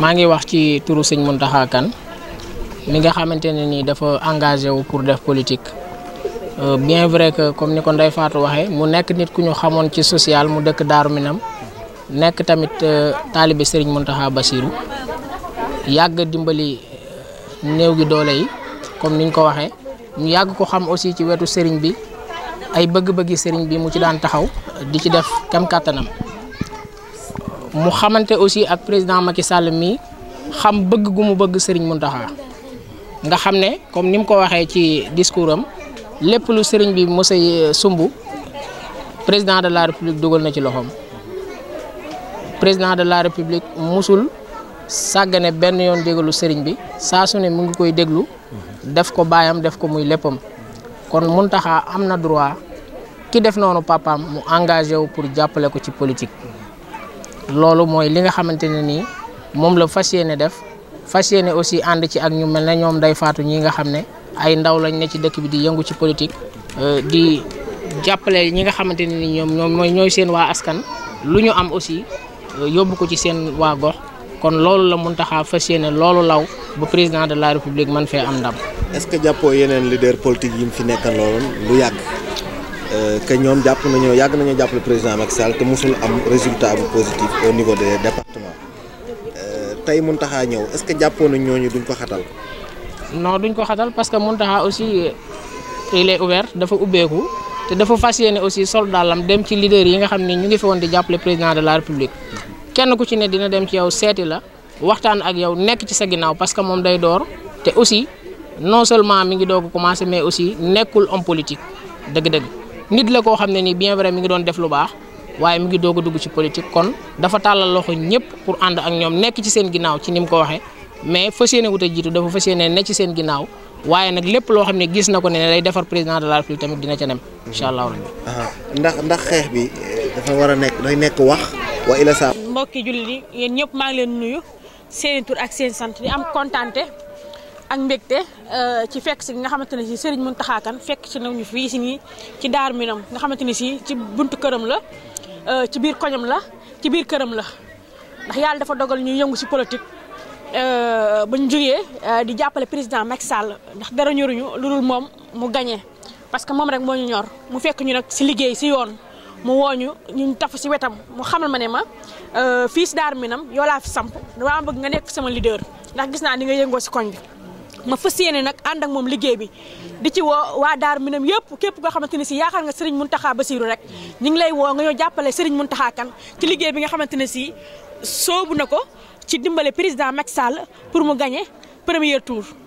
maa ngi wax ci turu sëñ Mountakha Kane mi nga xamante ne nii dafa engagé wu pour def politique euh, bien vrai que comme ni ko Ndeye Fatou waxee mu nekk nit ku ñu xamoon ci sociale mu dëkk Daaru Minam nekk tamit euh, taalibe Serigne Mountakha Bassirou yàgg dimbali euh, néew gi doole yi comme niñ ko waxee ñu yàgg ko xam aussi ci wetu Serigne bi ay bëgg-bëggi Serigne bi mu ci daan taxaw di ci def kem kàttanam mu xamante aussi ak président Macky Sall mii xam bëgg gu mu bëgg Serigne Mountakha nga xam ne comme ni mu ko waxee ci discours am lépp lu Serigne bi mos euh, sumb président de la république dugal na ci loxoom président de la république musul sàggane benn yoon déglu Serigne bi saa su ne mu ngi koy déglu def ko baayam def ko muy léppam kon Mountakha am na droit ki def noonu papaam mu engagé wu pour jàppale ko ci politique. loolu mooy li nga xamante ne nii moom la fas yéene def fas yéene aussi ànd ci ak ñu mel na ñoom day faatu ñi nga xam ne ay ndaw lañ ne ci dëkk bi di yëngu ci politique euh, di jàppale ñi nga xamante ne ni ñoom ñoom mooy ñooy seen waa askan lu ñu am aussi euh, yóbbu ko ci seen waa gox kon loolu la mun taxaa fas yéene loolu law ba président de la république man fee am ndam. est-ce que jàppoo yeneen leader politique yi mu fi nekk loolu lu yàgg. Euh, que japp nañu yag nañu japp le président Macky Sall te musul am résultat bu positif au niveau des départements euh tay Muntaha ñew est ce que jàppoon na ñooñu duñ ko xatal non duñ ko xatal parce que Muntaha aussi il est ouvert dafa ubéku té dafa fasiyéné aussi soldat lam dem ci leader yi nga xam ñu ngi fi won di japp le président de la république kenn ku ci né dina dem ci yow séti la waxtaan ak yow nek ci sa ginnaw parce que mom day dor té aussi non seulement mi ngi dogu commencer mais aussi nekul homme politique deug deug nit la koo xam ne nii bien vrai mi ngi doon def lu baax waaye mu ngi doog ko dugg ci politique kon dafa tàllal loxo ñëpp pour ànd ak ñoom nekk ci seen ginnaaw ci ni mu ko waxee mais fas yéene wut a jiitu dafa fas yéene ne ci seen ginnaaw waaye nag lépp loo xam ne gis na ko ne day defar président de la république tamit dina ca nem incha allahu rabbi ndax ndax xeex bi eh, dafa war a nekk day nekk wax wa ila sa mbokki jullit yi yéen ñëpp maa ngi leen nuyu seen tur ak sant di am kontaante ak euh ci fekk ci nga xamanteni ci serigne sëriñ Kan fekk ci nañu fi ci ni ci dar minam nga xamanteni ci ci buntu kërëm la euh, ci biir koñam la ci biir kërëm la ndax yalla dafa dogal euh, ñu yëngu ci politique buñ jógee euh, di jappalé président Macky Sall ndax dara ñoruñu lu dul moom mu gagné parce que mom rek moo ñor mu fekk ñu nak ci liggéey ci yoon mu woñu ñu taf ci wetam mu xamal mané fis ma euh fils dar minam yo la fi samp dama bëgg nga nek sama leader ndax gis na ni nga yëngo ci koñ bi ma fas yéene nag ànd ak moom liggéey bi di ci woo waa daar Daaru Minam yëpp képp koo xamante ni si yaakaar nga Serigne Mountakha Bassirou rek ñu ngi lay woo nga ñoo jàppale Serigne Mountakha Kane ci liggéey bi nga xamante ne si soobu na ko ci dimbale président Macky Sall pour mu gañe premier tour.